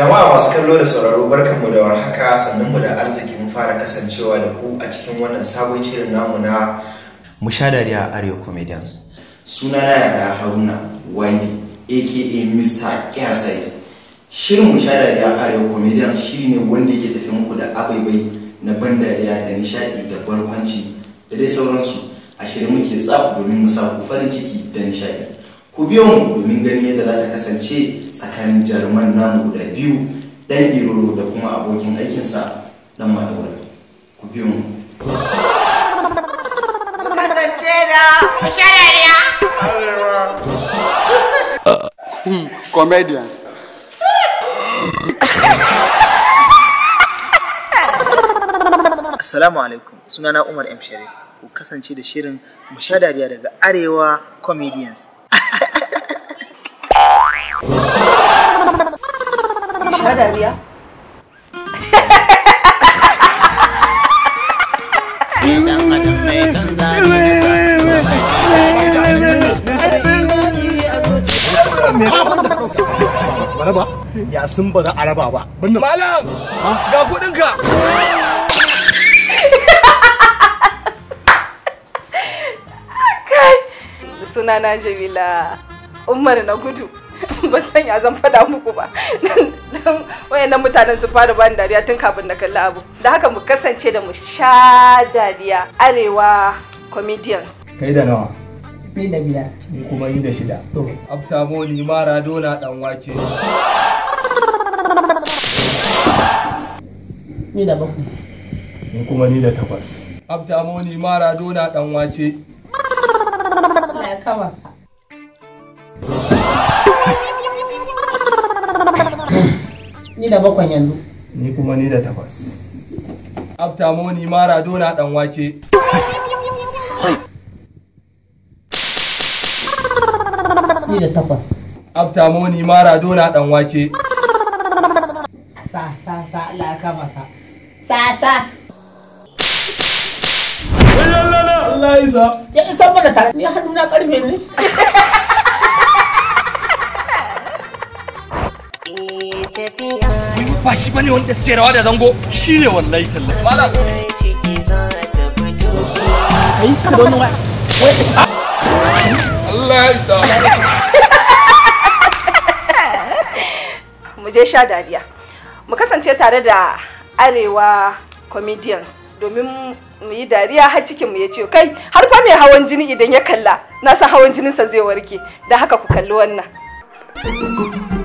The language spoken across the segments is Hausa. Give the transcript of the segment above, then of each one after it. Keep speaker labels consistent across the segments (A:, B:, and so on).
A: jama'a masu kallo da sauraro barkanmu da warhaka sannan mu da arziki mu fara kasancewa da ku a cikin wannan sabon shirin namu na dariya arewa comedians suna na yada haruna wani aka mr airside shirin dariya arewa comedians shi ne wanda yake tafi muku da abaibai na ban dariya da nishaɗi da barkwanci da dai sauransu a shirin muke tsafi domin mu samu farin ciki da nishaɗi. ku biyo mu domin ganin yadda za ta kasance tsakanin jaruman namu guda biyu dan iroro da kuma abokin aikinsa dan matawar
B: ku biyo mu
C: kasance da sharariya
B: comedians
A: Assalamu alaikum sunana Umar M. shari'a ku kasance da shirin mu dariya daga Arewa
C: Comedians Sha dariya? Baraba
B: ya sun ba da araba ba. Malam! Ga kuɗinka! Kai!
C: Sunana Jamila Umar na gudu. ba san ya zan faɗa muku ba don wayannan mutanen su fara bani dariya tun kafin na kalli abu da haka mu kasance da mu sha dariya arewa comedians
B: kai da nawa ni da biyar ni kuma ni da shida to aftamo ni mara dona dan wake ni da bakwai ni kuma ni da takwas aftamo ni mara dona dan wake na kama ni da bakwai yanzu ni kuma ni da takwas mara dona dan wake ni da takwas mara dona dan wake
C: sa sa sa la ka maka sa sa Allah ya isa ya isa mana tare ni hannu na karfe
D: ne
B: ba shi bane wanda suke rawa da zango shine wallahi tallahi Allah ya isa
C: mu je sha dariya mu kasance tare da arewa comedians domin mu yi dariya har cikin mu ya ce kai har fa mai hawan jini idan ya kalla na san hawan jininsa zai warke da haka ku kalli wannan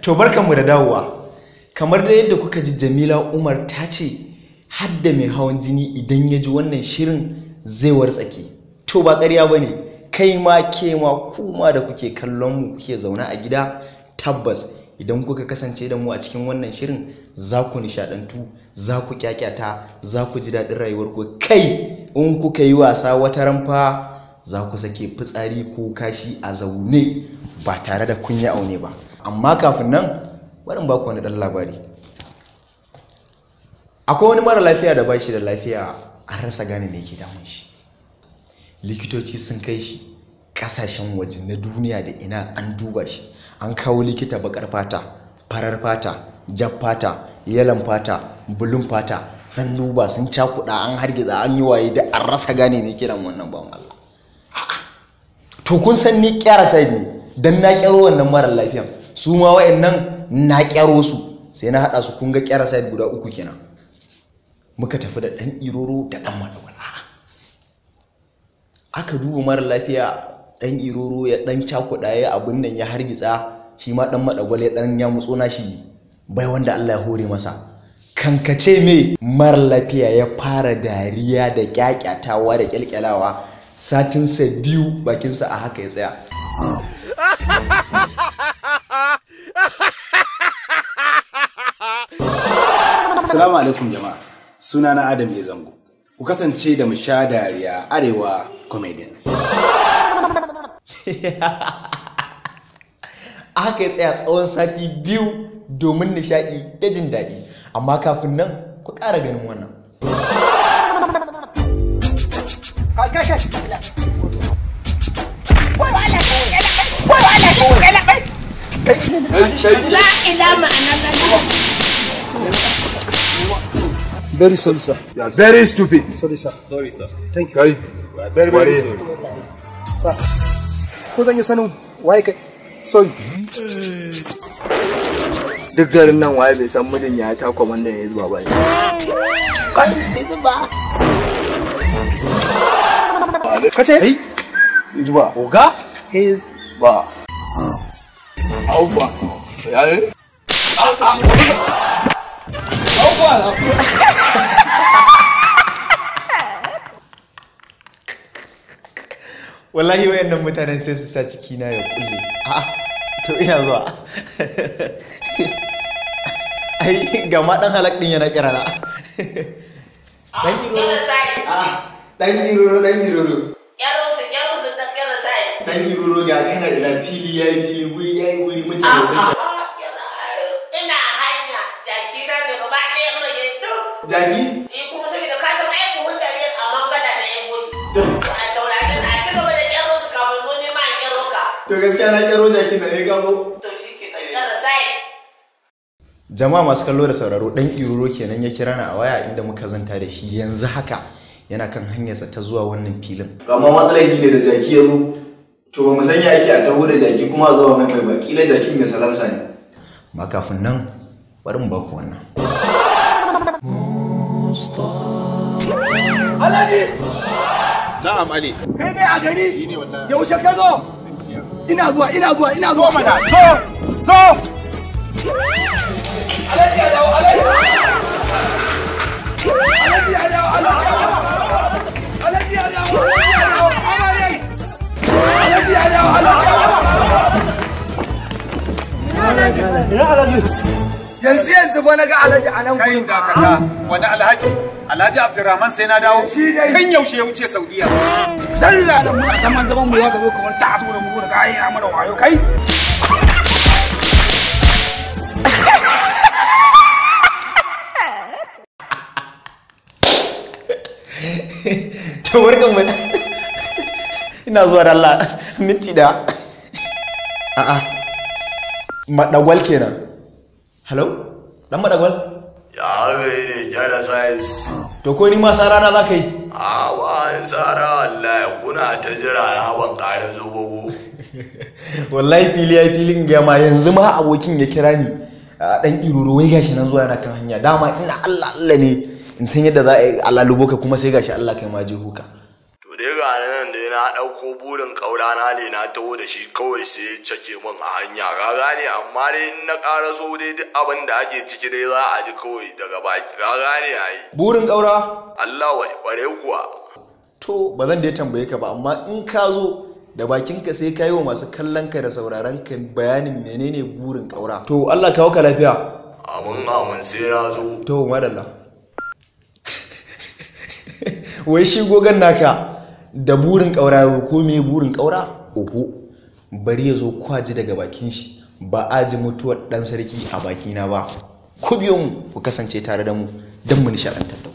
A: to mu da dawowa kamar da yadda kuka ji jamila umar ta ce hadda mai hawan jini idan ya ji wannan shirin zai wartsake to ba karya ba ne kai ma ke ma kuma da kuke kallon mu kuke zauna a gida tabbas idan kuka kasance da mu a cikin wannan shirin za ku nishadantu za ku kyakyata za ku ji daɗin rayuwarku kai in kuka yi wasa wata ramfa za ku sake fitsari ko kashi a zaune ba tare da kun yi aune ba amma kafin nan barin ba ku wani ɗan labari akwai wani mara lafiya da ba shi da lafiya an rasa gane me ke damun shi likitoci sun kai shi ƙasashen waje na duniya da ina an duba shi an kawo likita bakar fata farar fata jab fata yalan fata bulun fata sun duba sun cakuɗa an hargiza an yi waye da an rasa gane ne kiran wannan bawan Allah to kun san ni kyara sai ne dan na kyaro wannan mara lafiya su ma wayannan na kyaro su sai na hada su kun ga kyara sai guda uku kenan muka tafi da dan iroro da dan madawala aka duba mara lafiya Ɗan iroro ya ɗan cakuɗa ya abin nan ya hargitsa shi ma ɗan madagwal ya dan ya mutso shi bai wanda Allah ya hore masa kankace me mara lafiya ya fara dariya da kyakyatawa da kyalkyalawa satinsa biyu bakinsa a haka ya tsaya Salamu alaikum jama'a sunana Adam ya zango ku kasance da mu sha dariya arewa comedians aka yi tsaya tsawon sati biyu domin nishaɗi da jin daɗi amma kafin nan ku ƙara ganin wannan Very sorry, sir. Yeah, very stupid. Sorry, sir. Sorry, sir. Thank you. Very, very, very sorry. sorry. Sir. ko zan yi sanin waye kai
B: son duk garin nan waye bai san mijin ya ta kwamandan ya zuba ba ne kai zuba kace ai zuba oga his ba auba yayi
D: auba auba
A: wallahi wayannan mutanen sai su sa ciki na ya kulle a to ina zuwa ai ga ma dan halak din yana kira na dan iroro dan iroro dan iroro yaro
C: su yaro su dan kira sai dan
A: iroro ga kana da fili yayi fili wuri yayi wuri mutane
C: ina hanya jaki na da gaba ɗaya mai duk jaki to gaskiya
A: na kero jakin na ya gago ke jama'a masu kallo da sauraro dan iroro kenan ya kira na a waya inda muka zanta da shi yanzu haka yana kan hanyarsa ta zuwa wannan filin amma matsalar shi ne da jaki ya zo to ba mu san ya ake a taho da jaki kuma a zuwa mai mai ba kila jakin mai salansa ne ma kafin nan bari mu ku wannan Alhaji! Na'am Ali. Kai
B: ne a gari? Yaushe ka zo? ina zuwa ina zuwa ina zuwa mana zo zo alaji dawo alaji alaji yanzu yanzu ba na ga alaji a nan kai dakata
C: wani alhaji Alhaji Abdurrahman sai na dawo tun yaushe ya wuce Saudiya. Dalla da a zaman zaman mu ya zo kamar ta zo da mu da kai ya mana wayo kai.
A: Tawar warkan ina zuwa da Allah minti da a'a madagwal kenan. Hello? Dan madagwal?
B: da ne gyara sayis
A: to ko ni ma sara rana za ka yi
B: a ba in sara wallahi kuna ta jira na ban zo zobogo
A: wallahi fili ya filin ga ma yanzu ma abokin ya kira ni a ɗan iroro wai gashi nan zuwa yana kan hanya dama ina allah allah ne in san yadda za a yi alalubo ka kuma sai gashi allah kai ma je huka
B: dai ga nan da na ɗauko burin na ne na taho da shi kawai sai cake min a hanya ga gane amma dai in na ƙara so dai duk abin da ake ciki dai za a ji kawai daga baki ga gane yi. burin ƙaura Allah wa ƙware kuwa
A: to ba zan dai tambaye ka ba amma in ka zo da bakinka sai ka yi wa masu kallon ka da sauraron ka bayanin menene burin ƙaura to Allah kawo ka lafiya
B: amin amin sai na zo
A: to madalla wai shi gogon naka da burin ƙaura ko me burin ƙaura oho bari ya zo kwaji daga bakin shi ba aji mutuwar ɗan sarki a bakina ba ku biyo mu ku kasance tare da mu don mu nishaɗantar da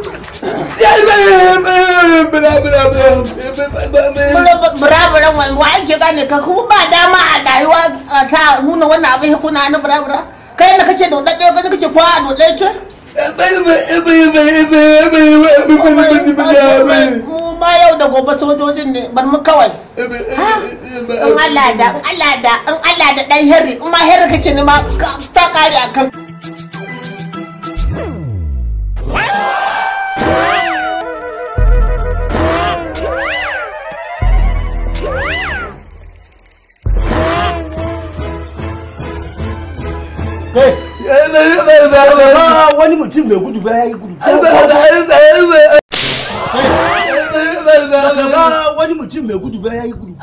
C: ku
B: Burabura wanda ake
C: gane ka kuma ba dama a a ta nuna wannan abin kuna na burabura kai da kake da wadda ɗaya kake kwa a dodai ke? mu ma yau da gobe sojojin ne bar mu kawai in Allah da in Allah in Allah dan heri in ma heri kake ne ma ta kare
D: akan Hey!
C: ba wani mutum mai gudu ba yi gudu
B: wani mutum mai gudu ba yi gudu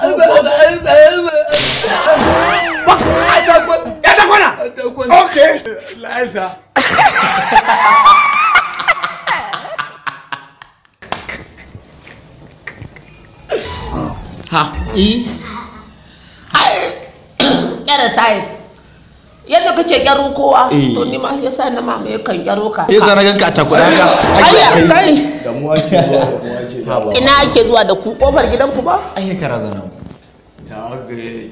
D: ya
B: ta ok laifa
D: ha i
C: ƙara tayi yadda ce gyaro kowa to eh. ni ma yasa na mama ya kan gyaro ka yasa na
B: ganka a cakuɗa ga ai kai da mu ake zuwa da mu ake ina ake
C: zuwa da ku kofar gidan ku ba ai ka razana mu
B: ya ga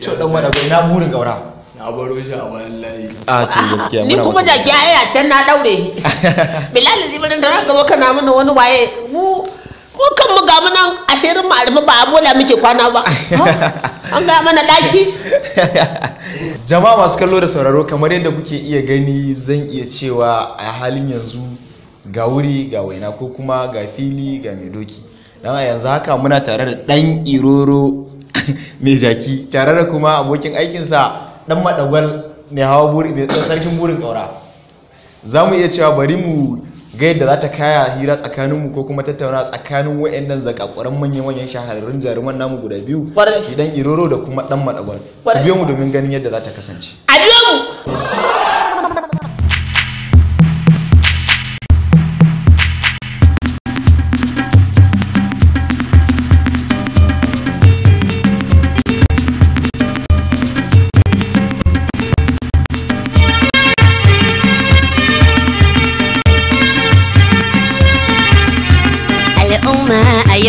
B: to dan ko ina burin gaura na baro shi a bayan layi a to gaskiya
C: ni kuma jaki ai a can na daure shi bilal zibirin da ka zo kana mana wani waye mu mu kan mu ga munan asirin mu alfa ba a muke kwana ba an ga mana daki
A: jama'a masu kallo da sauraro kamar yadda kuke iya gani zan iya cewa a halin yanzu ga wuri ga waina ko kuma ga fili ga mai doki don a yanzu haka muna tare da ɗan iroro mai jaki tare da kuma abokin aikinsa ɗan maɗagwal mai hawa buri sarkin burin ƙaura za mu iya cewa bari mu ga yadda za ta kaya hira tsakaninmu ko kuma tattauna tsakanin wayannan zakakuran manya-manyan shahararrun jaruman namu guda biyu shi iroro da kuma dan madagwal biyo mu domin ganin yadda za ta kasance
C: a biyo mu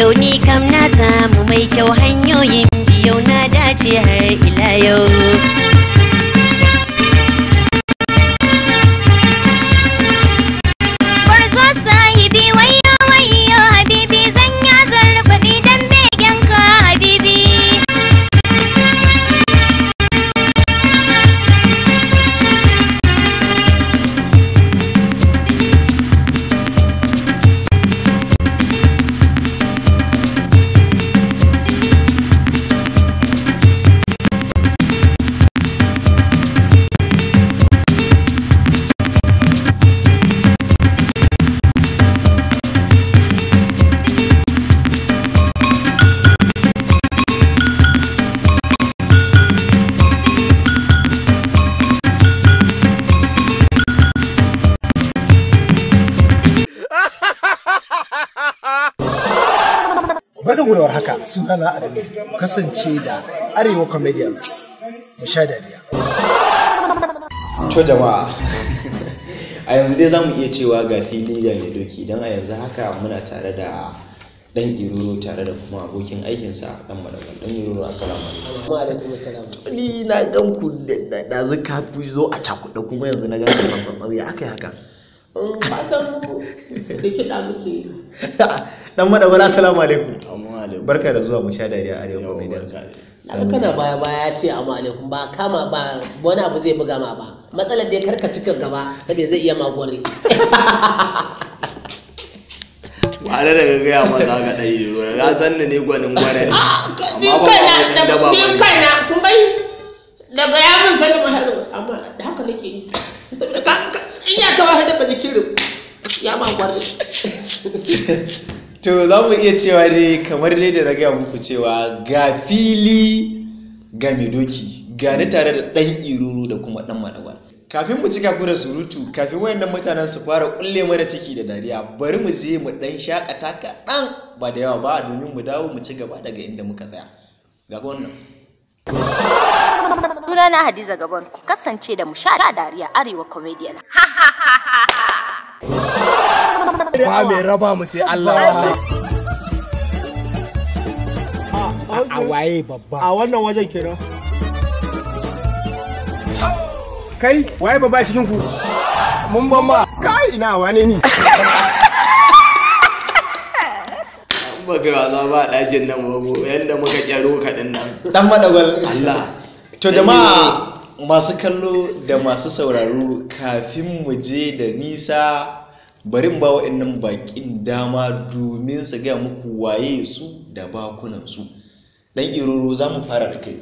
C: yau ni kam na samu mai kyau hanyoyin biyo na
D: dace
A: sunana Adamu kasance da Arewa Comedians mu sha dariya. To jama'a a yanzu dai za mu iya cewa ga fili da mai doki don a yanzu haka muna tare da dan iroro tare da kuma abokin aikinsa dan madagal dan iroro assalamu alaikum
C: wa alaikum assalam ni na gan ku
A: da ka ku zo a cakuɗa kuma yanzu na gan san tsantsan ya akai haka
C: mm, ba san ku da kiɗa muke dan madagal assalamu alaikum barka da zuwa mu sha dariya arewa comedians sannan kana baya baya ce amma alaikum ba kama ba wani abu zai buga ma ba matsalar dai karka cika gaba da zai iya magwari
B: ba da ga gaya ma za ka ɗai yi zuwa ka san ni ne gwanin gwanin ah,
C: amma ba ba da ba ni kaina kun bai daga ya mun sani ma hazo amma haka nake yi in ya kawo hada ka jikin ya ma gwanin
A: to za mu iya cewa ne kamar dai da raga muku cewa ga fili ga doki ga ni tare da ɗan iruru da kuma ɗan madawar kafin mu cika kura da surutu kafin wayannan mutanen su fara kulle mana ciki da dariya bari mu je mu ɗan shakata
C: kaɗan
A: ba da yawa ba domin mu dawo mu ci gaba daga inda muka tsaya ga wannan
C: sunana hadiza gabon ku kasance da mu sha dariya arewa comedian
B: ba mai raba mu sai Allah a waye babba a wannan wajen
A: kenan kai waye babba cikin ku mun ban ma kai ina wane ni
B: ba kai wasa ba dajin nan babu yadda muka kyaro ka nan dan madagwal Allah
A: to jama'a masu kallo da masu sauraro kafin mu je da nisa bari ba wa'annan bakin dama domin su gaya muku waye su da bakunansu dan iroro za mu fara da kai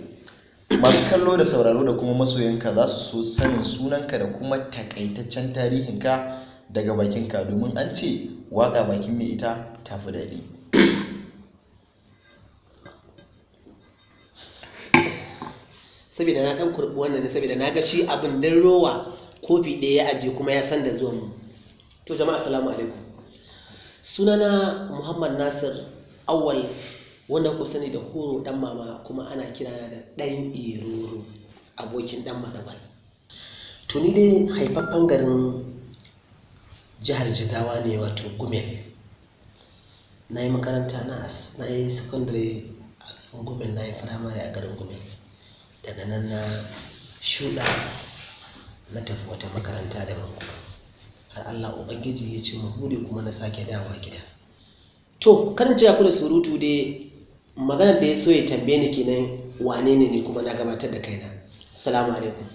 A: masu kallo da sauraro da kuma masoyanka za su so sanin sunanka da kuma takaitaccen tarihinka daga bakinka domin an ce waka bakin mai ita tafi
D: daɗi
C: saboda na dan kurbi wannan ne saboda na ga shi abin din rowa kofi ɗaya ya aje kuma ya san da zuwan mu to jama'a assalamu alaikum sunana muhammad nasir awal wanda ku sani da horo ɗan mama kuma ana kira da dan iroro abokin dan to ni dai haifaffen garin jihar jigawa ne wato gumel na yi makaranta na yi secondary a garin gumel na yi firamare a garin gumel daga nan na shuɗa na tafi wata makaranta daban kuma har Allah Ubangiji ya ce mu kuma na sake dawa gida to karin ce ku da surutu dai maganar da ya so ya tambaye ni kenan wane ne ni kuma na gabatar da kaina salamu alaikum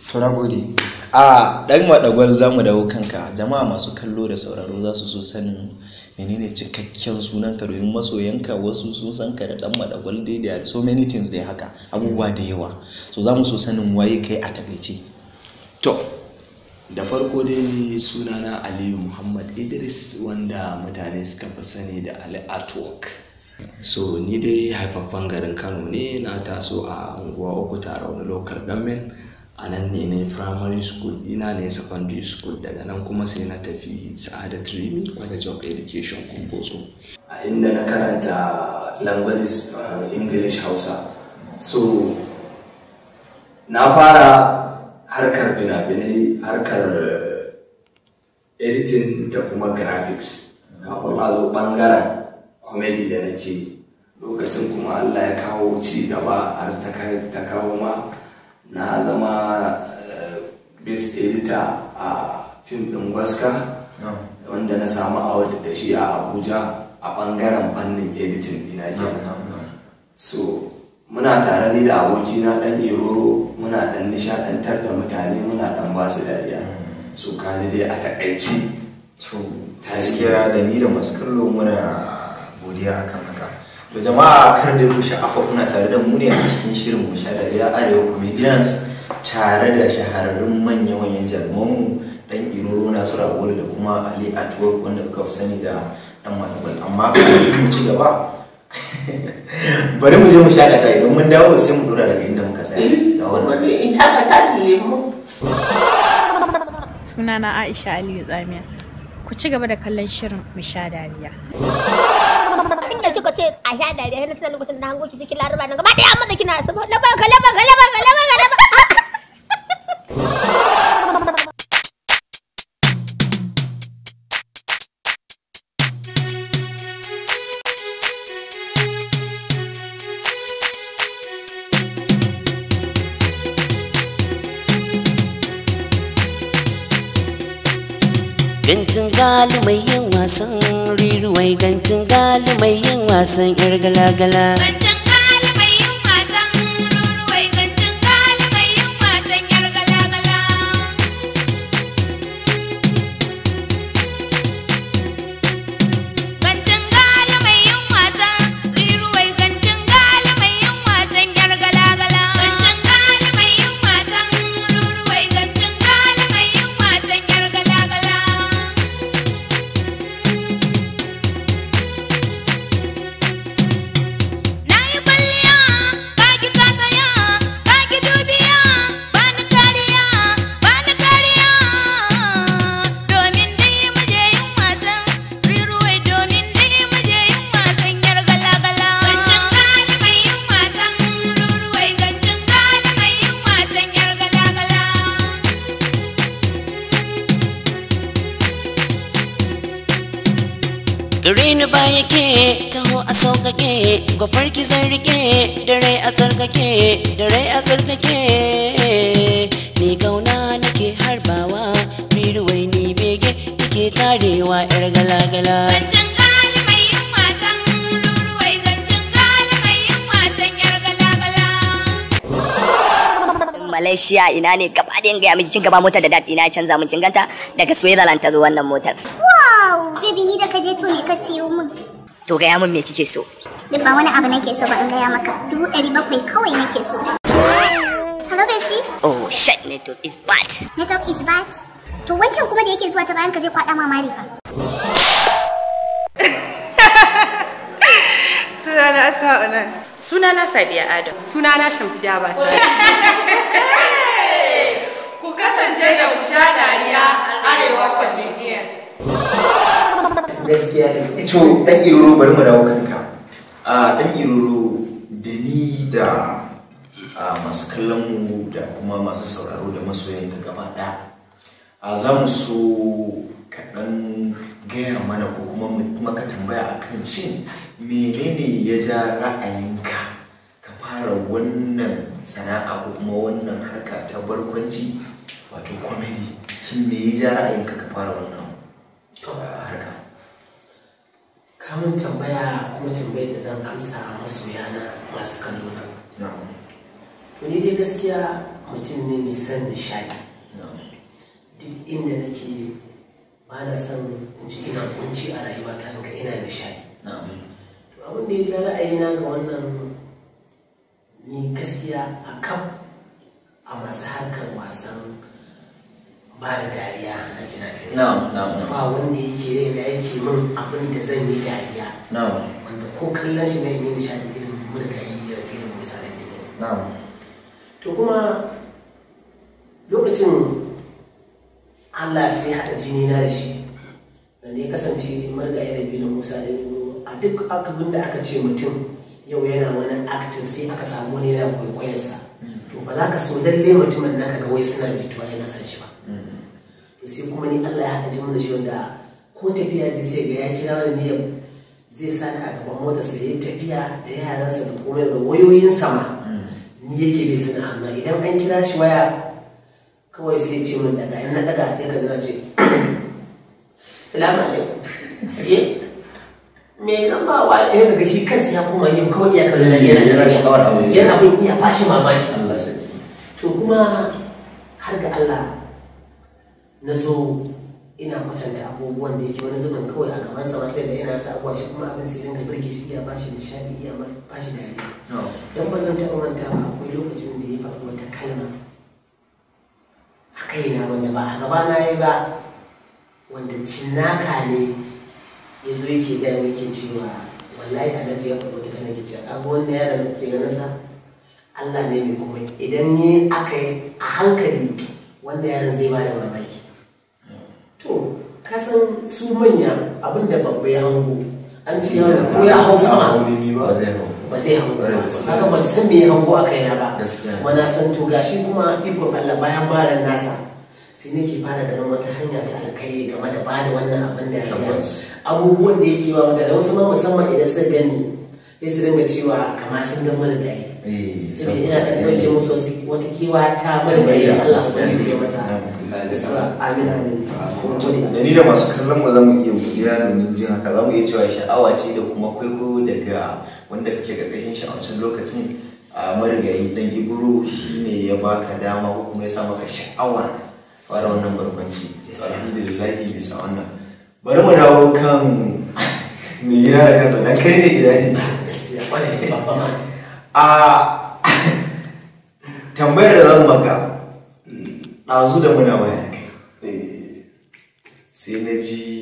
A: Faragode,
C: a ɗan
A: maɗagwal za mu dawo kanka jama'a masu kallo da sauraro za su so sanin menene cikakken sunanka domin masoyanka wasu sun san ka da dan madagwal dai da so many things dai haka abubuwa da yawa so za mu so sanin waye kai a takaice
B: to da farko dai sunana aliyu muhammad idris wanda mutane suka fi sani da ali Atwok. so ni dai haifaffen garin kano ne na taso a unguwa uku tare wani local government a nan ne na primary school ina ne secondary school daga nan kuma sai na tafi sa'adat rimi college of education kumbotso a inda na karanta languages uh, english hausa so na fara harkar fina-finai harkar uh, editing da kuma graphics kafin zo bangaren comedy da nake lokacin kuma allah ya kawo ci gaba har ta kawo ma na zama eh, base editor a fim din gwaska wanda na samu a da shi a abuja a bangaren fannin editing dina kenan so muna tare ni da abokina dan iroro muna dan nishadantar da mutane muna ɗan ba su dariya mm. so kaji dai a takaici gaskiya da ni da masu kallo muna
A: godiya akan da jama'a kar da ku sha'afa kuna tare da mu ne a cikin shirin mu sha dariya arewa comedians tare da shahararrun manyan manyan jarumanmu dan iroro sura rabolu da kuma ali atuwar wanda kuka fi sani da dan malabal amma kafin mu ci gaba bari mu je mu sha dariya idan mun dawo sai mu dora daga inda muka tsaya eh, da
C: wani in haka ta lemo. sunana aisha aliyu tsamiya ku ci gaba da kallon shirin mu sha dariya kika ce a sha dariya yana tunan lokacin da hango ki cikin laraba nan gaba ɗaya amma da kina asaba laba ka laba ka laba ka laba ka laba Bincin zalimai yin wasan riruwai dantin gali mai yin wasan 'yar gala-gala tabbas take ni kauna nake harbawa birwai ni bege take karewa yar galagala Malaysia ina ne gaba da yin gaya miki cin gaba motar da dad ina canza mun cin ganta daga Switzerland ta zo wannan motar. Wow, baby ni da kaje to ne ka siyo mun. To gaya mun me kike so? Duk ba wani abu nake so ba in gaya maka. Dubu ɗari bakwai kawai nake so. Hello, Oh, shit, network is bad. Network is bad. To wancan kuma da yake zuwa ta bayan ka zai kwada mamari fa. Sunana Asma Unas. Sunana Sadiya Adam. Sunana Shamsiya Basa. Ku kasance da mu Arewa
D: Comedians.
C: Gaskiya ne. Ito dan iroro bari
A: mu dawo kanka. Ah da masu kallon mu da kuma masu sauraro da masoyanka gaba ɗaya a za mu so kaɗan gaya mana ko kuma maka tambaya a kan shin menene ya ja ra'ayinka ka fara wannan sana'a ko kuma wannan harka ta barkwanci wato comedy shin
C: me ya ja ra'ayinka ka fara wannan harka kamun tambaya kuma tambayar da zan amsa masoyana masu kallo to ni dai gaskiya mutum ne mai san nishadi duk inda nake ba na son in ji ina kunci a rayuwa ta ina nishadi to abin da ya ja ra'ayina ga wannan ni gaskiya a kaf a masu harkar wasan
D: ba da dariya na fina-finai ba wanda yake rai da yake min abin
C: da zan yi dariya wanda ko kallon shi na yi nishadi irin murgayi da irin musa da irin to kuma lokacin allah sai haɗa jini na da shi da ne kasance margaye da bilin musa da a duk akabin da aka ce mutum yau yana wani aktin sai aka samu wani yana kwaikwayarsa to ba za ka so lalle mutumin na kaga wai suna jituwa ya san shi ba to sai kuma ni allah ya haɗa jini da shi wanda ko tafiya zai sai ga ya kira wani niyyar zai sani a gaban motarsa ya tafiya da yaransa da komai daga wayoyin sama ni yake bai sani amma idan an kira shi waya kawai sai ce min daga in na daga ya ka ce salamu alaikum eh me nan ba wa ɗaya daga shi kansa ya koma yin kawai ya kalli eh, na yana sha'awar abu yana bin iya ba shi mamaki Allah sarki to kuma har ga Allah na zo ina kwatanta abubuwan da yake wani zubin kawai a gaban sa sai da yana sa abuwa shi kuma abin sai dinga birge shi iya bashi nishadi iya bashi dariya oh. don ba zan taɓa manta ba lokacin da ya faɗi wata kalma a kaina wanda ba a gaba na yi ba wanda cinnaka ne ya zo yake gaya yake cewa wallahi alhaji ya faɗi wata kalma ke cewa wanda ya rabu ke na sa Allah ne mai kuma idan ne aka yi a hankali wanda yaron zai ba da mamaki to kasan su manya abinda babba ya hango an ce yaro ko ya hau sama ba zai hango ba haka ba san me ya hango a kaina ba wani san to gashi kuma ikon Allah bayan baran nasa sai nake fara ganin wata hanya ta alkai game da bada wannan abin da ya abubuwan da yake wa mutane wasu ma musamman idan suka gani sai su dinga cewa kama sun ga mana da yi sai ina da ɗauke musu wata kewa ta mana da yi Allah su bari da masa
B: amin
D: amin da ni da masu
A: kallon mu za mu iya wuya domin jin haka za mu iya cewa sha'awa ce da kuma kwaikwayo daga wanda kake karkashin shi a wancan lokacin a marigayi dan iburo shi ne ya baka dama ko kuma ya sa maka sha'awa fara wannan Alhamdulillahi, alhamdulillah bisa wannan bari mu dawo kan mai gida da kansa Na kai ne gida ne a tambayar da zan maka ɗazu da muna bayan kai eh. sai na ji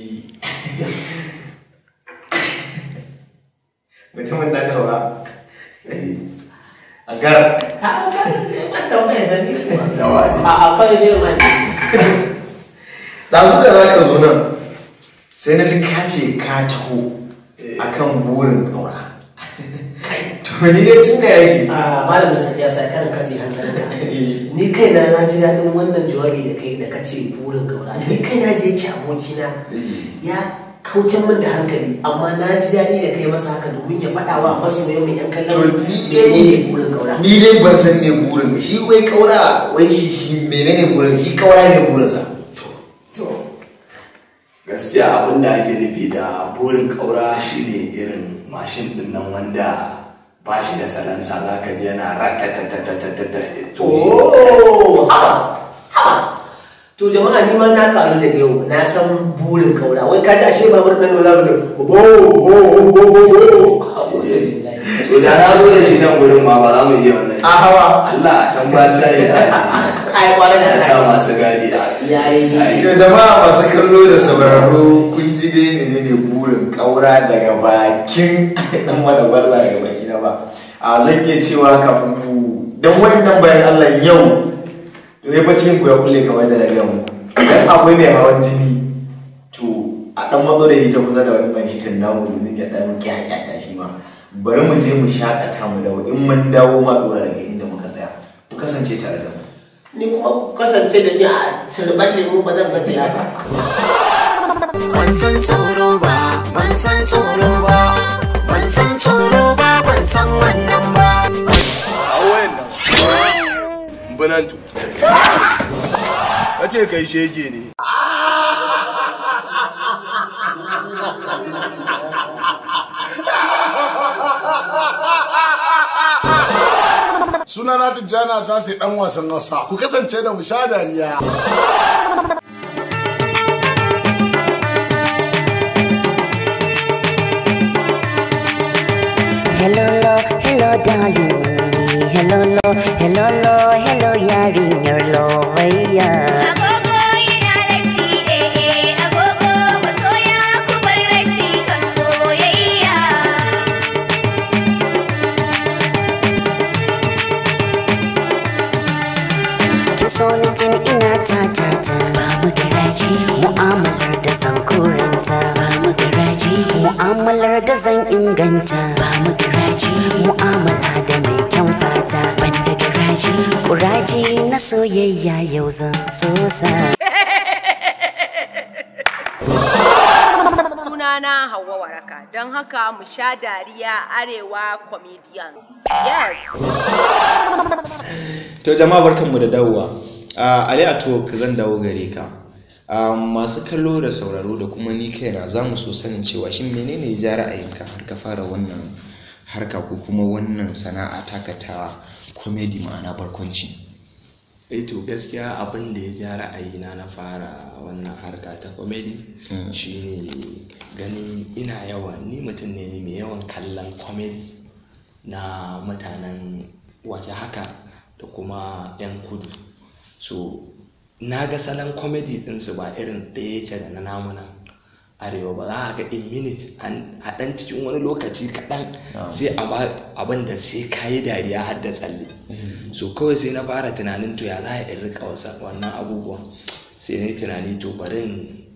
A: mutumin na gaba a gar ta
C: mata mai zami a akwai ne mai
A: da suka za ka zo nan sai na ji ka ce ka taho eh. a
C: kan burin ƙaura to ni dai tun da yake a malam da sadiya sai karin kasi hanzarinka ni kaina na ji daɗin wannan jawabi da kai da ka ce burin ƙaura ni kaina da yake abokina eh. ya kautan min da hankali amma na ji daɗi da kai masa haka domin ya faɗa wa masoyan mai yan kallon mai ne burin kaura ni
D: dai ban
B: san me burin shi wai kaura wai shi shi menene burin shi kaura ne burin sa to gaskiya abin da ake nufi da burin kaura shine irin mashin din nan wanda ba shi da salansa za ka ji yana ratatatatatatata to
C: haba haba to jama'a ni ma na karu da yau na san burin kaura wai ka ta ashe babar Kano za ba bo bo bo
D: bo bo to
B: da na zo da shi nan gurin
D: ma ba za mu iya wannan a
B: hawa Allah a can ba da ya ai kwana da sa masu gadi to jama'a masu
A: kallo da sauraro kun ji dai menene burin kaura daga bakin dan wala daga baki na ba a zan iya cewa kafin mu dan wannan bayan Allah yau zai bacci ku ya kulle kamar da na mu dan akwai mai hawan jini to a dan matso da ita kusa da wani ban shi kan namu domin ya dan
C: ta shi ma
A: bari mu je mu shakata mu dawo in mun dawo ma dora daga inda muka tsaya ku kasance tare da mu
C: ni kuma ku kasance da ni a sirban mu ba zan gaji
D: ba ban san tsoro ba ban san tsoro ba ban san tsoro ba ban san wannan ba
B: mbanantu ka ce kai shege ne sunana tijjana sase dan wasan wasa ku kasance da mu dariya
D: Hello, love, hello, darling. hello lo hello lo hello yarinyar lovayya agogo yana latti eh, eh. so ni tun ina ta ta ta ba mu garaji mu'amalar da zan koranta ba mu garaji mu'amalar da zan inganta ba mu garaji mu'amala da mai mata ban garaji kuraje na soyayya yau zan so
B: sunana Hauwa Waraka don haka mu sha dariya arewa comedian. Yes.
A: to jama'a barkanmu da dawowa. Ali Atok zan dawo gare ka. masu kallo da sauraro da kuma ni kaina za mu so sanin cewa shin menene ja ra'ayinka har ka fara wannan harka ko kuma wannan sana'a taka ta komedi ma'ana barkwanci?
B: Eh to gaskiya abin da ya ja ra'ayina na fara wannan harka ta shi hmm. shine ganin ina yawa ni mutum ne mai yawan kallon komedi na mutanen waje haka da kuma 'yan kudu. So na ga salon komedi ɗinsu ba irin ɗaya yake da na namuna. arewa ba za a ga in minute a ɗan cikin wani lokaci kaɗan sai abin da sai ka yi dariya har da tsalle mm-hmm. so kawai sai na fara tunanin to ya za a in rika wannan abubuwan sai na tunani to bari in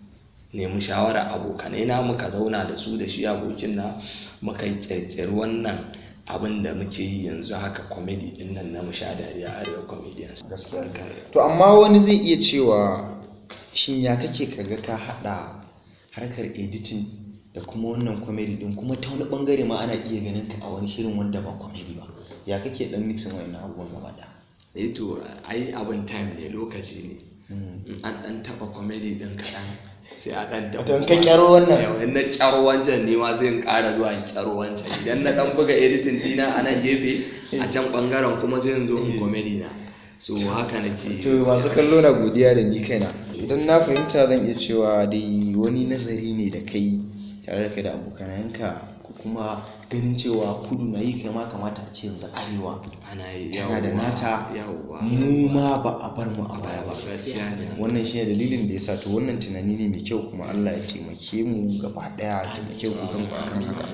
B: nemi shawara abokanai na muka zauna da su da shi abokin na muka kirkiri wannan abin da muke yi yanzu haka comedy din nan na musha dariya arewa comedians
A: to amma wani zai iya cewa shin ya kake kaga ka haɗa? harkar editing da kuma wannan comedy din kuma ta wani bangare ma ana iya ganin ka a wani shirin wanda ba comedy ba ya kake dan mixin wa'annan abubuwan gaba
B: da eh to ai abin time ne lokaci ne hmm. in an dan taba comedy ɗin kaɗan sai a dan da don kan kyaro wannan yau na kyaro wancan ne ma zai kara ƙara zuwa in kyaro wancan idan na ɗan buga editing dina a nan gefe a can ɓangaren kuma sai in zo in eh. comedy na so haka nake to masu kallo
A: na godiya da ni kaina
B: idan na fahimta
A: zan iya cewa dai wani nazari ne da kai tare da kai da ko kuma ganin cewa kudu na yi kai ma kamata a ce yanzu arewa tana da nata mu ma ba a bar mu a baya ba wannan shine dalilin da ya sa to wannan tunani ne mai kyau kuma Allah ya taimake mu gaba daya taimake ku kanku akan haka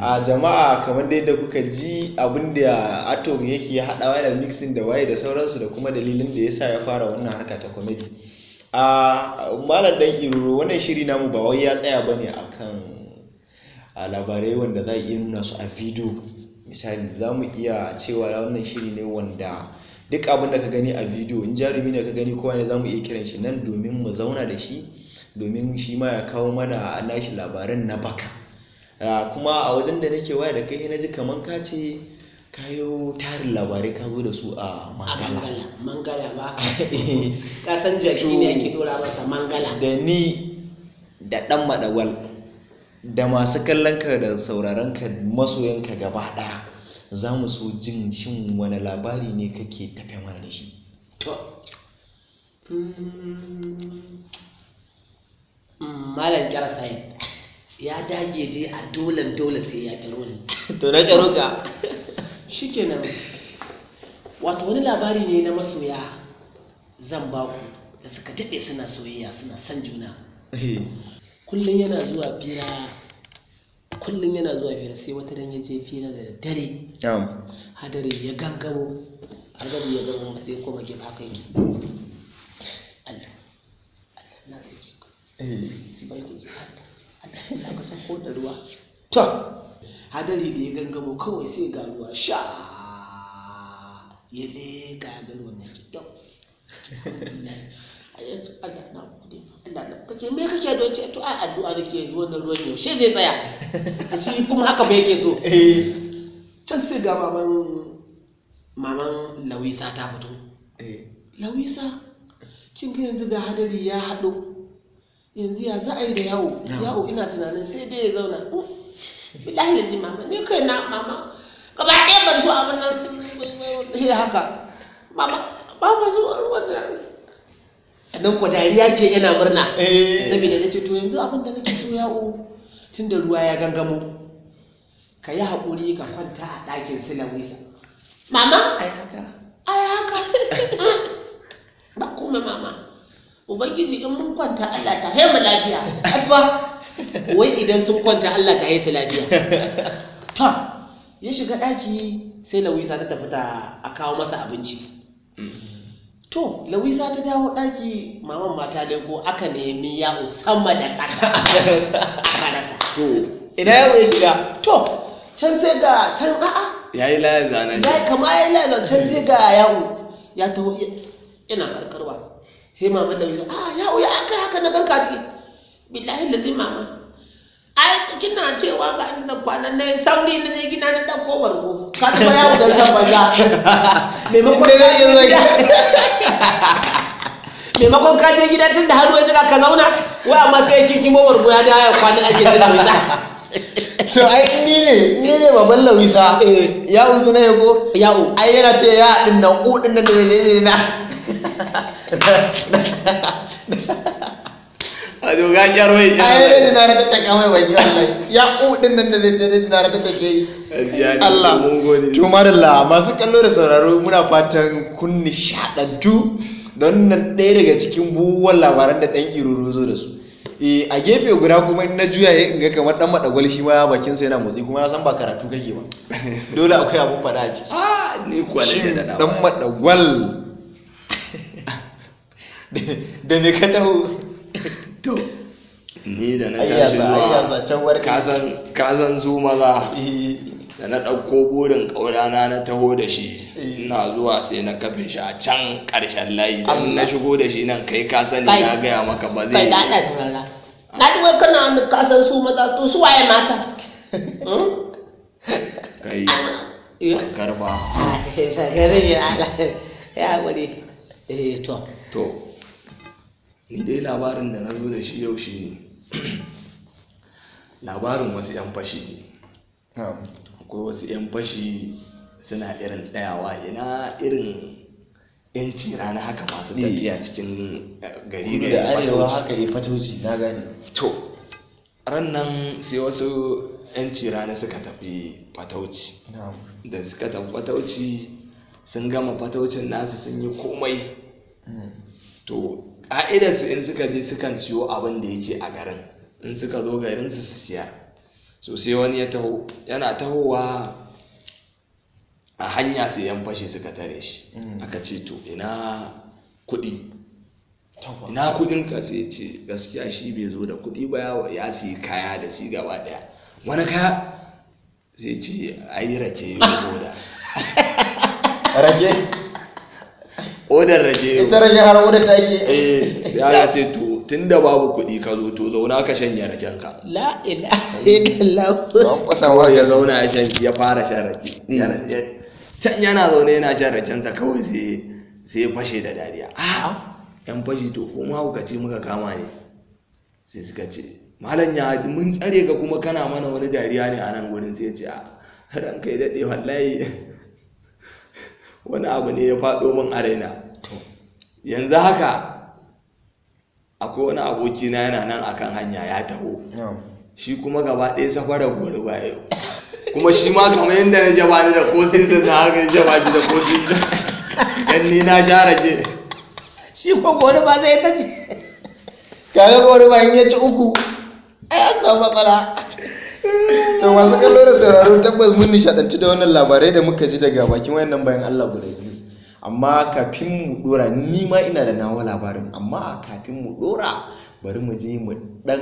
A: a jama'a kamar dai da kuka ji abin da atom yake haɗawa da mixin da waye da sauransu da kuma dalilin da ya sa ya fara wannan harka ta comedy a malam dan iroro wannan shiri namu ba wai ya tsaya ba ne a kan labarai wanda za a iya nuna su a video misali za mu iya cewa wannan shiri ne wanda duk abin da ka gani a video in jarumi da ka gani kowa ne za mu iya kiran shi nan domin mu zauna da shi domin shi ma ya kawo mana nashi labaran na baka kuma a wajen da nake waya da kai na ji kamar kace. kayo tarin labarai ka zo da su a mangala a mangala ba eh. ka san jaki ne ake dora masa mangala da ni da dan madawal da masu kallon ka da sauraron ka masoyan ka gaba daya za mu so jin shin wani labari ne kake tafe mana da shi
C: to malam kyar ya dage dai a dole dole sai ya kyaro ne to na kyaro ka shi shikenan wato wani labari ne na masoya zan ba ku da suka daɗe suna soyayya suna son juna kullum yana zuwa fira sai wata dan ya je fira da dare hadari ya gangamo hadari ya gangamo sai kuma ke haka yake Allah
D: Allah
C: na ko da ruwa to hadari da ya gangamo kawai sai ga ruwa sha ya leka ya ga ruwan yake don Allah na kace me kake don ce to ai addu'a nake yanzu wannan ruwan yaushe zai tsaya a shi kuma haka ba yake so eh. can sai ga maman maman lawisa ta fito eh. lawisa kin ga yanzu ga hadari ya haɗo yanzu ya za a yi da yawo yawo ina tunanin sai dai ya zauna billahi lazi mama ni kai na mama gaba ɗaya ban so abin nan sai haka mama mama zuwa ruwan nan nan ko dariya ce yana murna eh. saboda ya ce to yanzu abin da nake so yawo tun da ruwa ya gangamo ka yi haƙuri ka kwanta a ɗakin silawisa mama ai haka ai haka ba kuma mama ubangiji in mun kwanta Allah ta haimu lafiya ba wai idan sun kwanta Allah ta haisu lafiya ta ya shiga ɗaki sai lawisa ta tafi ta a kawo masa abinci to lawisa ta dawo ɗaki maman mata ko aka nemi yawo sama da ƙasa a rasa to idan yawo ya shiga to can sai ga san a'a
B: ya yi layar zana ya
C: kama ya yi layar zana can sai ga yawo ya taho ina karkar sai mama da bisa ah ya uya aka haka na ganka jiki billahi lazi mama ai kina cewa ga inda kwanan nan sauri na je gina na kowar bargo ka ta ba yawo da san banza maimakon da maimakon ka je gida tun da hannu ya ka zauna wai amma sai kin kikimo bargo ya da ya kwana ake jira mai to ai ni ne ni ne baban lawisa ya uzu eh. na yako ya u ai yana ce ya din
A: nan u din nan da zai na
B: a to ga kyar mai ya ai ne na ta ta kama baki wallahi
A: ya u din nan da zai zai na ta take yi Allah to madalla masu kallo da sauraro muna fatan kun nishadantu don nan ɗaya daga cikin buwan labaran da ɗan iruru zo da su Eh, a gefe guda kuma na juya ya inga kamar dan madagwal shi ma bakin sa yana motsi kuma na san ba karatu kake ba dole akwai abun fada a ciki
B: ah ni kwalai da dan madagwal da me ka taho to ni da na tashi can ka san ka san zo maza eh. da na ɗauko burin ƙaurana na taho da shi eh. ina zuwa sai na kafin shi a can ƙarshen layi don na shigo da shi nan kai ka sani na gaya maka ba zai yi na ji
C: wai kana wani kasan su maza to su waye mata hmm?
B: kai eh. karba ya gwade eh to to ni dai labarin da na zo da shi yau shi ne labarin wasu 'yan fashi ne akwai wasu 'yan fashi suna irin tsayawa ina irin yanci rana haka masu tafiya eh. cikin eh, gari da arewa haka yi fatoci na gane to ran sai wasu yanci rana suka tafi fatoci da suka tafi fatoci sun gama fataucin nasu sun yi komai hmm. to ka'idarsu in suka je sukan siyo abin da yake a garin in suka zo garinsu su siyar so sai wani ya taho yana tahowa a hanya sai yan fashe suka tare shi mm. aka ce to ina kuɗi ina kudin ka sai ce gaskiya shi bai zo da kuɗi ba ya siyi kaya da shi gaba ɗaya wani kaya sai ce ayi rake yi rake odar rage ita rage har odar ta yi eh sai ya ce to tunda babu kuɗi ka zo to zauna ka shanya raken ka
C: la ila ila ban
B: kusa ma ya zauna ya shan ya fara shan rage. can yana zaune yana shan rajen sa kawai sai sai fashe da dariya ah, a yan fashe to ko ma ce muka kama ne sai suka ce malam ya mun tsare ka kuma kana mana wani dariya ne a nan gurin sai ya ce a ah, ranka ya daɗe wallahi wani abu ne ya faɗo min a raina yanzu haka akwai wani aboki na yana nan akan hanya ya taho shi kuma gaba ɗaya safara gori ba yau kuma shi ma kamar yadda na jaba ni da kosin sun na haka jaba shi da kosin dan ni na share ke.
C: shi ko gori ba zai ta ce kayan gori ba in ya ci uku a yan samu matsala to masu kallo da sauraron
A: tabbas mun nishadanci da wannan labarai da muka ji daga bakin wayannan bayan Allah guda biyu amma kafin mu dora ni ma ina da nawa labarin amma kafin mu dora bari mu je mu dan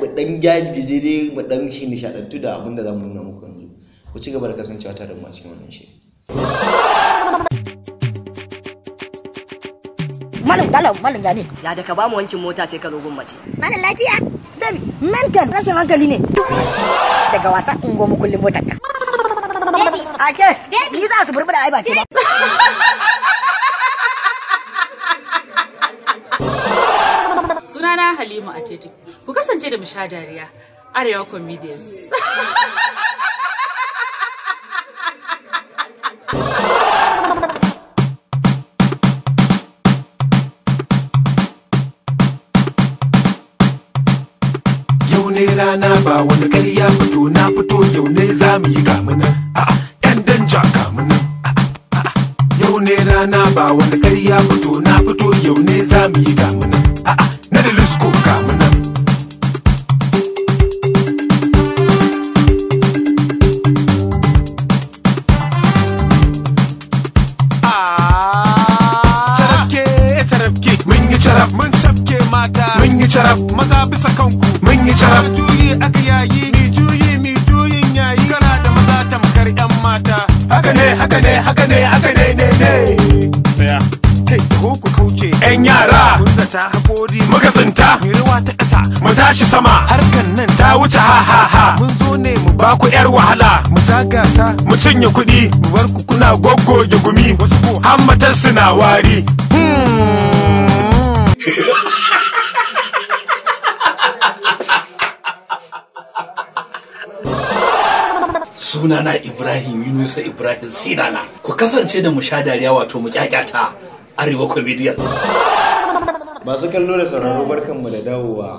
A: mu dan gajije dai mu dan shi nishadantu da abin da zamu nuna muku yanzu ku ci gaba da kasancewa tare da mu a cikin wannan shi
C: malam dalam malam ya ne ya da ka ba mu wankin mota sai ka zo gun mace malam lafiya dan mental rashin hankali ne daga wasa in mu kullum motar ka a ni za su burbura sunana halima atete ku kasance da musha dariya arewa comedians Yau ne rana ba wani karya fito na fito yau ne za mu yi gamuna. jaka muna yau ne rana ba karya ƙarya fito na fito yau ne za mu yi gamuna
D: ne haka ne haka ne ne ne kai ko ku kauce yan yara kun zata hakori muka tsinta ruwa ta ƙasa mu tashi sama harkan nan ta wuce ha ha ha mun zo ne
C: mu ba ku yar wahala mu ta gasa mu cinye kuɗi mu bar ku kuna goggoge gumi wasu
D: ko hammatar suna wari hmm.
B: na Ibrahim Yunusa Ibrahim Sinana. Ku kasance da mu sha dariya wato mu kyakyata Arewa Comedian.
A: Masu kallo da sauraro barkan mu da dawowa.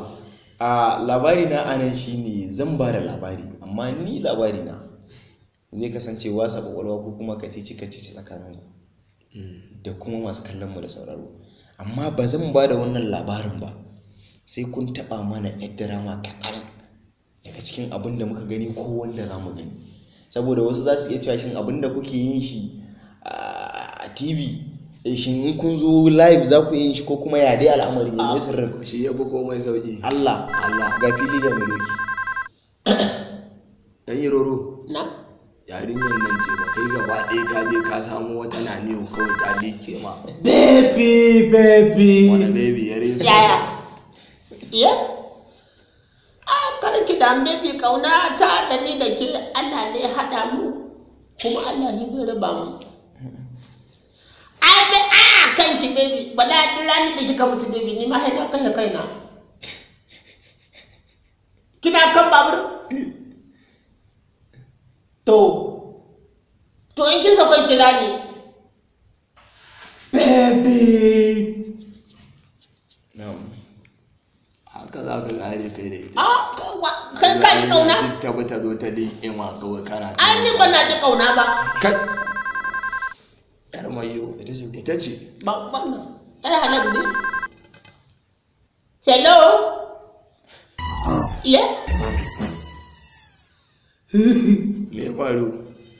A: A labari na anan shine zan ba da labari, amma ni labari na zai kasance wasa kwakwalwa ko kuma kacici kacici tsakanin, da kuma masu kallon mu da sauraro. Amma ba zan ba da wannan labarin ba sai kun taɓa mana yadda rama kaɗan daga cikin abin da muka gani ko wanda za mu gani saboda wasu za su iya cewa shin abin da kuke yin shi a tv eh, shin in kun zo live za ku yin shi ko kuma ya dai al'amari ne mai sirrin shi
B: ya fi komai sauki Allah Allah ga fili da mai doki dan yi roro na yarinyar nan ce ba kai gaba ɗaya ka je ka samu wata na ne kawai ta leke ma baby baby wani baby ya rinsa yaya
D: iya a
C: ah, kada ki dan baby kauna ta da ni da ke an da ya haɗa mu kuma Allah ne zai raba mu ai bai a kan ki baby ba da duk rani da kika mutu baby ni ma sai kai kai na. kina kan babur to to in kisa sakwai kira ni
D: baby
B: haka ka ita ka yi kauna zo ta kana ai ni ba na
C: ji kauna ba kai
B: yar mayo ita ce
C: ba ba na yar ne hello iya
B: me faru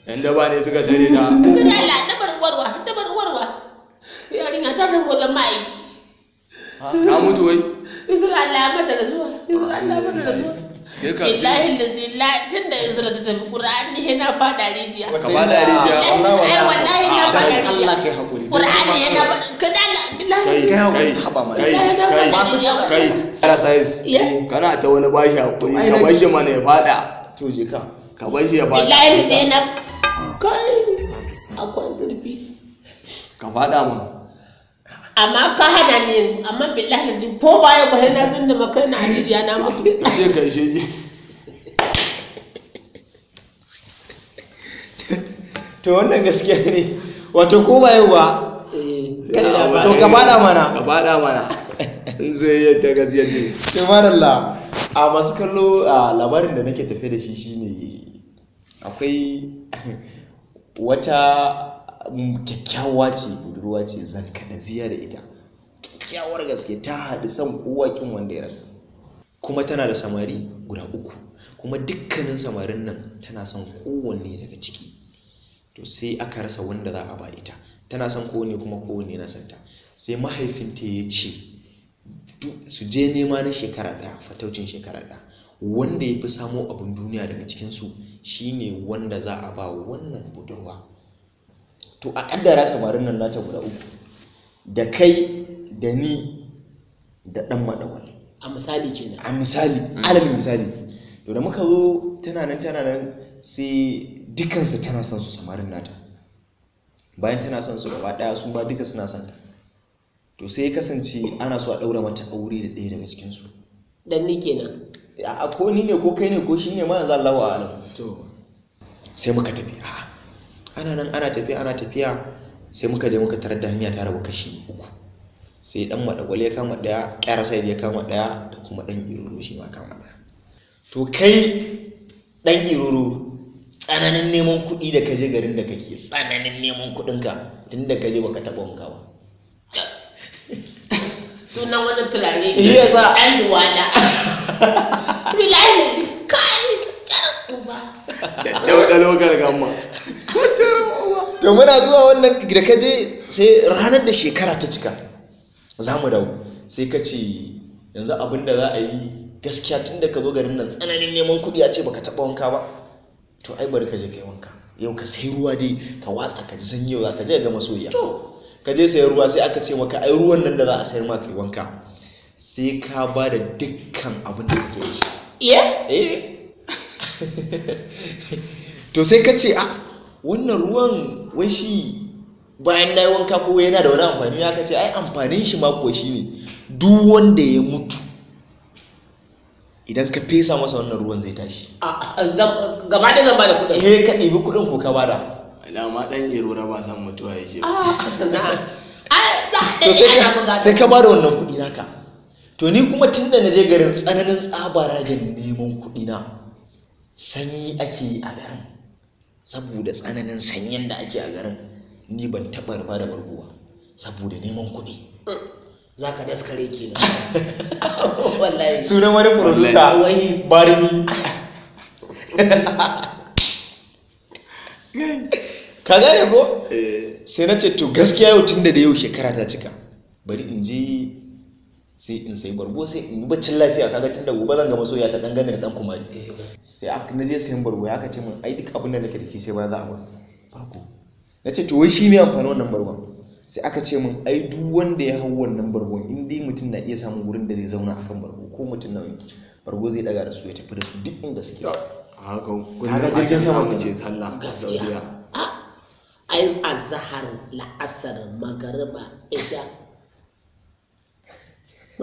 B: yan daba ne suka tare ta suna
C: la warwa dabar warwa yarinya ta rabu zama
B: na mutu wai
C: yusuf Allah ya mata da zuwa yusuf Allah mata da zuwa
D: billahi da
C: zilla tun da yanzu da ta tafi qur'ani
D: yana fada rijiya ka fada rijiya wallahi wallahi na fada rijiya Allah kai hakuri qur'ani yana fada ka
B: da billahi kai hakuri haba mai kai masu kai eh, kana ta wani bashi hakuri ka bashi mana ya fada to je ka ka bashi ya fada billahi da zina
C: kai akwai zurfi
B: ka fada mana
C: amma ka hana ne amma billahi lazim ko baya ba na da maka na alijiya na mutu
B: je ka ishe ji
A: to wannan gaskiya ne wato ko ba yau eh, ba to ka bada mana ka
B: bada mana in zo yi ta
A: gaskiya ce to madalla a masu kallo labarin da nake tafe da shi shine akwai wata kyakkyawa ce budurwa ce zan kada ziya da ita kyakkyawar gaske ta haɗu san kowa wanda ya rasa kuma tana da samari guda uku kuma dukkanin samarin nan tana son kowanne daga ciki to sai aka rasa wanda za a ba ita tana son kowanne kuma kowanne na santa sai mahaifinta ya ce su je nema na shekara ɗaya fataucin shekara ɗaya wanda ya fi samo abin duniya daga cikinsu shine wanda za a ba wannan budurwa to a kaddara samarin nan nata guda uku da kai da ni da dan madawal
C: a misali kenan
A: a misali alal misali to da muka zo tana nan tana nan sai dukansu tana son su samarin nata bayan tana son su gaba daya su ba duka suna son ta to sai kasance ana so a daura mata aure da ɗaya daga cikin su dan ni kenan a ko ni ne ko kai ne ko shi ne ma yanzu Allahu a'lam to sai muka tafi a'a ana nan ana tafiya ana tafiya sai muka je muka tarar da hanya ta rabu kashi uku sai dan madagwal ya kama daya kyara sai ya kama daya da kuma dan iroro shi ma kama daya to kai dan iroro tsananin neman kuɗi da kaje garin da kake tsananin neman kuɗinka tun da kaje baka taɓa wanka ba
C: sunan wani turare ne ya sa an duwala bilahi kai
B: da wata lokar gamma to muna zuwa wannan da ka
A: je sai ranar da shekara ta cika za mu dawo sai ka ce yanzu abin da za a yi gaskiya tun da ka zo garin nan tsananin neman kuɗi a ce baka taɓa wanka ba to ai bari ka je ka yi wanka yau ka sai ruwa dai ka watsa ka ji sanyi za ka je ga masoyiya ka je sai ruwa sai aka ce maka ai ruwan nan da za a sayar maka yi wanka sai ka ba da dukkan abin da kake shi iya eh to sai ka ce a ah, wannan ruwan wai shi bayan na yi wanka ko yana da wani amfani ya kace ai amfanin shi ma ko shine duk wanda ya mutu idan ka fesa masa wannan ruwan zai
B: tashi gaba da zan bada kuɗi. eh ka ɗebi kuɗin ko ka bada alama ɗan irora ba san mutuwa ya ce
A: to
D: sai ka bada wannan
B: kuɗi naka to ni
A: kuma tun da na je garin tsananin tsabaragen neman kuɗi na sanyi ake yi a garin saboda tsananin sanyin da ake a garin ni ban taɓa rufa da bargo ba saboda neman kuɗi
C: za ka daskare kenan wallahi sunan
A: wani producer barimi ka gane ko eh. sai na ce to gaskiya yau tun da yau shekara ta cika bari in je sai in sai bargo sai in yi baccin lafiya kaga tunda gobe zan ga masoya ta dangane da dan kumari eh, sai aka na je sayan bargo ya kace min ai duk abin da nake da shi sai ba za a ba farko na ce to wai shi me amfani wannan barbo sai aka ce min ai duk wanda ya hau wannan barbo in dai mutum na iya samun wurin da zai zauna akan bargo ko mutum na ne bargo zai daga da su ya tafi da su duk inda suke
B: kaga jirgin sama ke gaskiya
C: ah! ai azhar la'asar magariba isha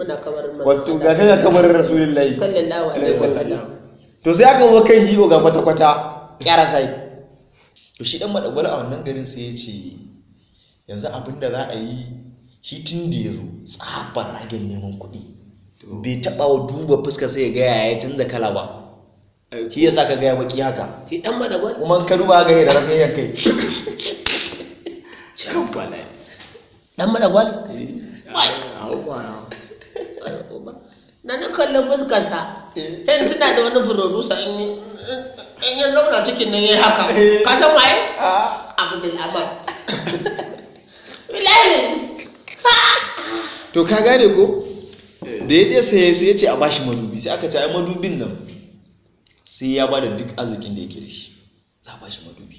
C: muna kabarin manzo wato ga kaga kabarin rasulullahi sallallahu alaihi wasallam
A: to sai aka zo kan hiyo ga kwata kwata kyara sai to shi dan madagwal a wannan garin sai ya ce yanzu abin da za a yi shi tun da ya zo tsabar agen neman kuɗi bai taɓa wa duba fuska sai ya gaya ya canza kala ba shi ya sa ka gaya baki haka
C: shi dan madagwal kuma ka duba ga da rakan yankai cikin bala'i dan madagwal karɓo na na kallon fuskarsa yan eh. tuna da wani furodusa in ya zauna cikin nan ya yi haka eh. ka san waye ah. abdul amal
A: to ka gane ko eh. da ya je saye sai ya ce a bashi madubi sai aka ce ai madubin nan sai ya bada duk arzikin da yake da shi za a bashi madubi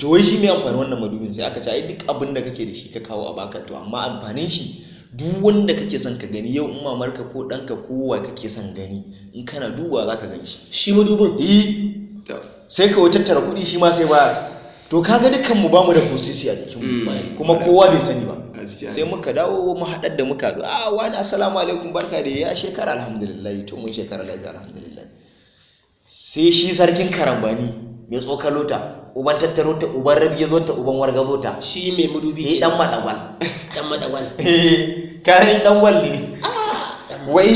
A: to wai shi ne amfani wannan madubin sai aka ce ai duk abin da kake da shi ka kawo a baka to amma amfanin shi duk wanda kake son ka gani yau in ka ko danka ko wa kake son gani in kana duba za ka gani shi dubin yi eh, sai ka tattara kuɗi shi ma sai ba. to kaga dukkan mu bamu da kusisi a jikin mu mm. kuma kowa bai sani ba sai muka dawo mu haɗar da muka a ah, wani assalamu alaikum barka da ya shekara alhamdulillah to mun shekara lafiya alhamdulillah sai shi sarkin karambani mai tsokalo ta uban tattaro ta uban rabi zo ta uban warga zo ta shi mai mudubi eh dan madawal dan madawal kayan dan walle wai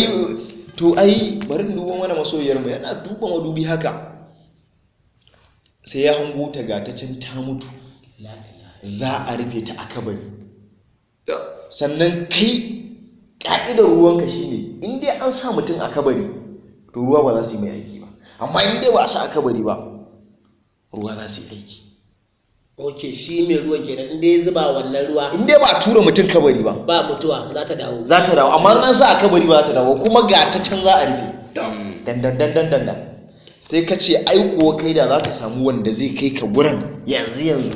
A: to ai bari in duba mana masoyiyar mu yana duba madubi haka sai ya hango ta ga ta ta mutu za a rufe ta a kabari sannan kai ka'idar ruwanka shine in dai an sa mutum akabari, bari to ruwa ba za su yi mai aiki ba amma in dai ba a sa akabari ba ruwa za su yi aiki
C: ok shi mai ruwan kenan in dai zuba wannan ruwa in dai ba
A: tura mutum kabari ba
C: ba mutuwa za ta dawo
A: za ta dawo amma an sa a kabari ba za ta dawo kuma ga ta can za a rufe dan dan dan dan dan sai ka ce ai kuwa kai da za ka samu wanda zai kai ka gurin yanzu yanzu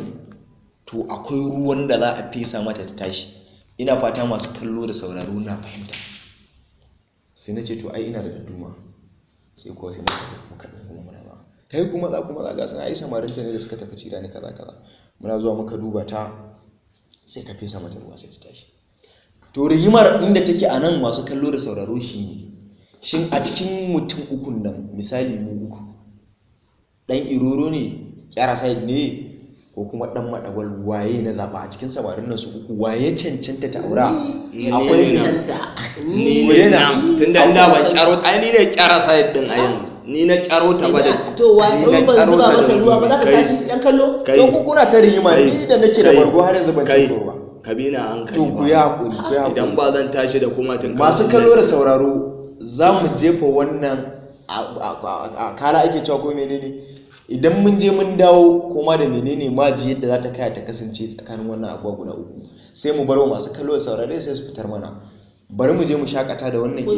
A: to akwai ruwan da za a fesa mata ta tashi ina fata masu kallo da sauraro na fahimta sai na ce to ai ina da dadduma sai kuwa sai muka muka kuma muna kai kuma za kuma za ga sun ai samarin ta ne da suka tafi cira ne kaza kaza muna zuwa muka duba ta sai ka fesa mata ruwa sai ta tashi to rigimar inda take a nan masu kallo da sauraro shi ne shin a cikin mutum ukun nan misali mu uku dan iroro ne kyarasai ne ko kuma dan madawal waye na zaba a cikin samarin nan su uku waye cancanta ta aura akwai cancanta ni ne na tunda ina ba
B: kyaro ai ni ne kyarasai din a yanzu ni na ƙyaro ta ba da to wa in ban zuba mata ruwa ba za ta tashi yan kallo to ku kuna ta rigima ni da nake da bargo har yanzu ban ci ruwa na hankali to ku ya hakuri ku ya idan ba zan tashi da kuma tun masu kallo da
A: sauraro za mu jefa wannan a kala ake cewa ko menene idan mun je mun dawo kuma da menene ma ji yadda za ta kaya ta kasance tsakanin wannan abuwa guda uku sai mu bar wa masu kallo da sauraro sai su fitar mana bari mu je mu shakata da wannan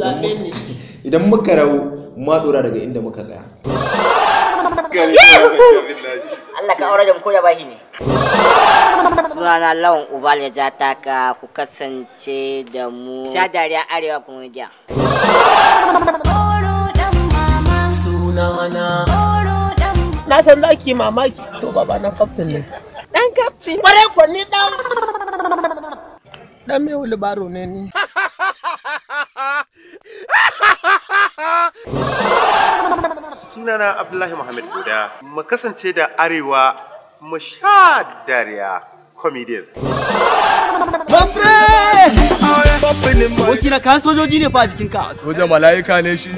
A: idan muka rawo ma dora daga inda muka tsaya
C: Allah ka aure da ko ya bahi ne sunana lawan ubal ya ja taka ku kasance da mu sha dariya arewa kun giya sunana na san zaki ki mamaki to baba na captain ne dan captain kware ko ni dan dan mai wulbaro ne ni
A: Sunana Abdullahi Muhammad guda mu kasance da arewa mu sha dariya comedians. Wakina kan sojoji ne fa a jikinka.
B: Soja mala'ika ne shi.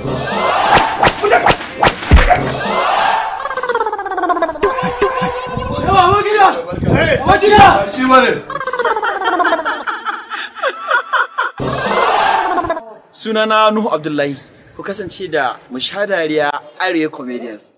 B: Shi
A: sunana Nuhu
D: Abdullahi. ku kasance da mushadariya Arewa Comedians.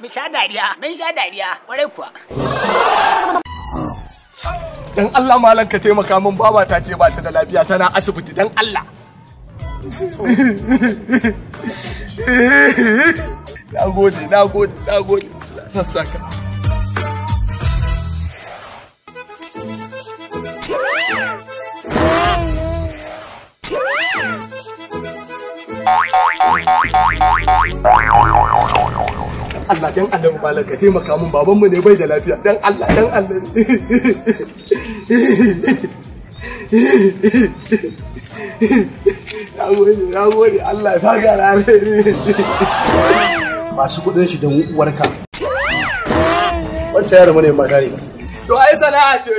D: Mun sha dariya, mun sha dariya, ƙwarai kuwa. Dan Allah malam
B: ka taimaka min baba ta ce ba ta da lafiya tana asibiti dan Allah. Na gode, na gode, na gode. Sassaka. Allah dan Allah mu malam ka taimaka mun baban mu ne bai da lafiya dan Allah dan Allah na gode na gode Allah ya faga rana masu kudin shi da uwarka wancan yaro mana yin magani ba to ai sana'a ce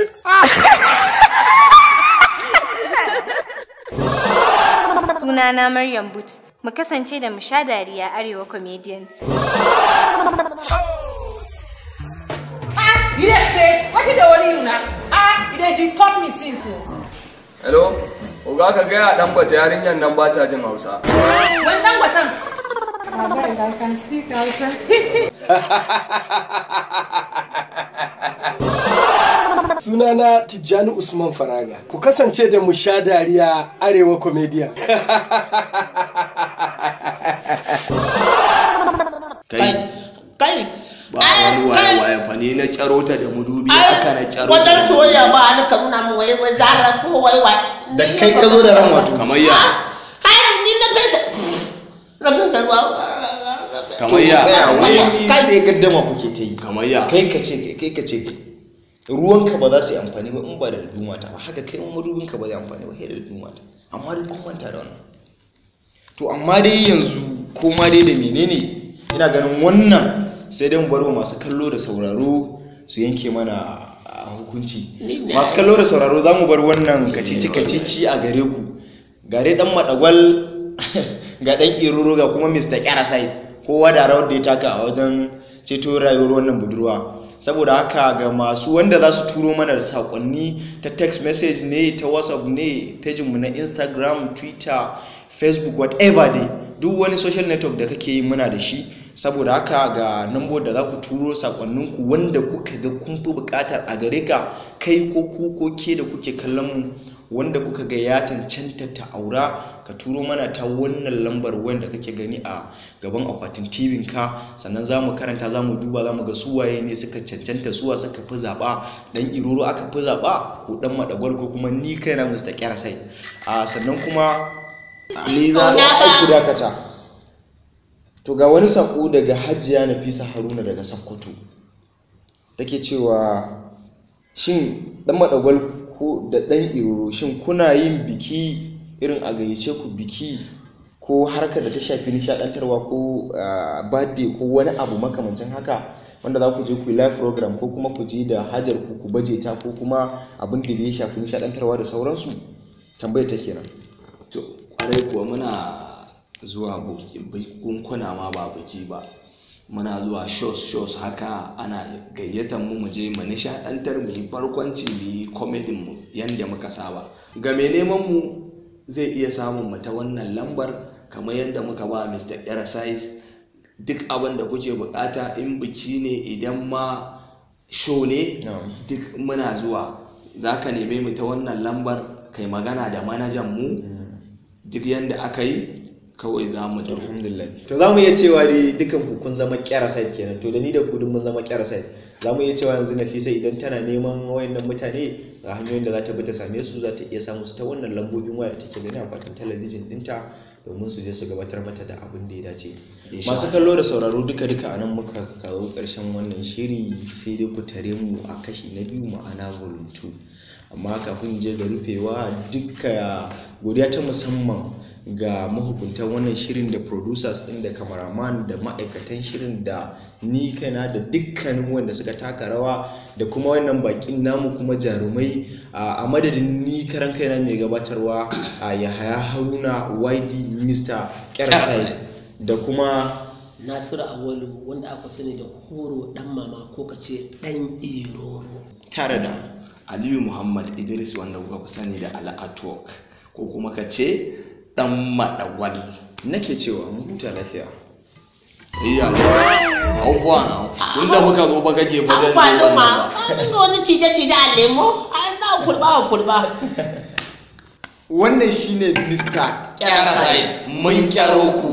A: sunana Maryam Buti
C: mu kasance da mu sha dariya arewa comedians. You didn't say, what did they worry you now? Ah, you didn't disturb me since.
B: Hello? Oga ka gaya dan bata yarinyar nan bata jin Hausa.
D: Wani dan batan? I can speak Hausa.
B: sunana Tijjani Usman Faraga. Ku kasance da mu sha dariya Arewa Comedian.
C: kai kai
B: ba wani waye waye fa ni na caro ta da mudubi aka na caro wajen soyayya
C: ba an ka nuna mu waye waye zara ko waye waye
B: da kai ka zo da ran wato kamar ya
C: hadi ah, ni na fesa na fesa ruwa
A: kamar ya wani sai gaddama kuke ta yi kamar ya kai ka ce kai ka ce ruwanka ba za su yi amfani ba in ba da duma ta ba haka kai madubin ka ba zai amfani ba sai da duma ta amma dai kun manta da wannan to amma dai yanzu koma dai da menene ina ganin wannan sai dai mu bar masu kallo da sauraro su yanke mana a hukunci masu kallo da sauraro za mu bar wannan kacici kacici a gare ku gare dan madagwal ga dan iroro ga kuma mr kyarasai kowa da rawar da ya taka a wajen ceto rayuwar wannan budurwa saboda haka ga masu wanda za su turo mana da saƙonni ta text message ne ta whatsapp ne mu na instagram twitter facebook whatever dai duk wani social network da kake yi muna da shi saboda haka ga nambo da za ku turo sakonninku wanda kuka ga kun fi buƙatar a gare ka kai ko ku ko ke da kuke kallon mu wanda kuka ga ya cancanta ta aura ka turo mana ta wannan lambar wanda kake gani a gaban akwatin tibin ka sannan za mu karanta za mu duba za mu ga waye ne suka cancanta suwa suka fi zaɓa dan iroro aka fi zaɓa ko dan madagwal ko kuma ni kai na mista kyar sai sannan kuma ni na aiki dakata to ga wani sako daga hajiya nafisa haruna daga sakkwato take cewa shin dan madagwal ko da dan iroro shin kuna yin biki irin a gayyace ku biki ko harkar da ta shafi nishadantarwa ko birthday ko wani abu makamancin haka wanda za ku je ku yi live program ko kuma ku je da hajar ku ku baje ta ko kuma abin da ya shafi
B: nishadantarwa da sauransu tambayar ta kenan to kwarai kuwa muna zuwa gunkuna ma ba biki ba muna zuwa shows shows haka ana gayyatar mu mu je mu nishadantar mu yi barkwanci mu yi comedy mu yanda muka saba ga mai neman mu zai iya samun mu ta wannan lambar kamar yadda muka ba Mr. Erasize duk abin da kuke bukata in biki ne idan ma show ne duk muna zuwa za ka neme mu ta wannan lambar kai magana da manajan mu duk yadda aka yi kawai za mu da alhamdulillah to za mu iya cewa
A: dai dukan ku kun zama parasite kenan to da ni da ku mun zama site za mu iya cewa yanzu nafisa idan tana neman wayannan mutane ga hanyoyin da za ta bi ta same su za ta iya samu su ta wannan lambobin waya da take gani akwatin talabijin dinta domin su je su gabatar mata da abin da ya dace masu kallo da sauraro duka duka a nan muka kawo karshen wannan shiri sai dai ku tare mu a kashi na biyu ma'ana volume 2 amma kafin je ga rufewa duka godiya ta musamman ga mahukuntan wannan shirin da producers ɗin da kamaraman da ma'aikatan shirin da ni kaina da dukkanin wanda suka taka rawa da kuma wannan bakin namu kuma jarumai a madadin ni karan kaina mai gabatarwa a yahaya haruna yd mr kersai
B: da kuma
C: nasiru awalu wanda aka sani da horo dan mama ko ka ce dan iroro
B: tare da aliyu muhammad idris wanda kuka fi sani da al'atwork ko kuma ka ce dan madawali nake cewa mu huta lafiya iya abubuwa na tun da muka zo baka ke bajan ne wannan ba ga
C: wani cije cije a lemo an da kulba wa kulba
B: wannan shine mr kyara sai mun kyaro
D: ku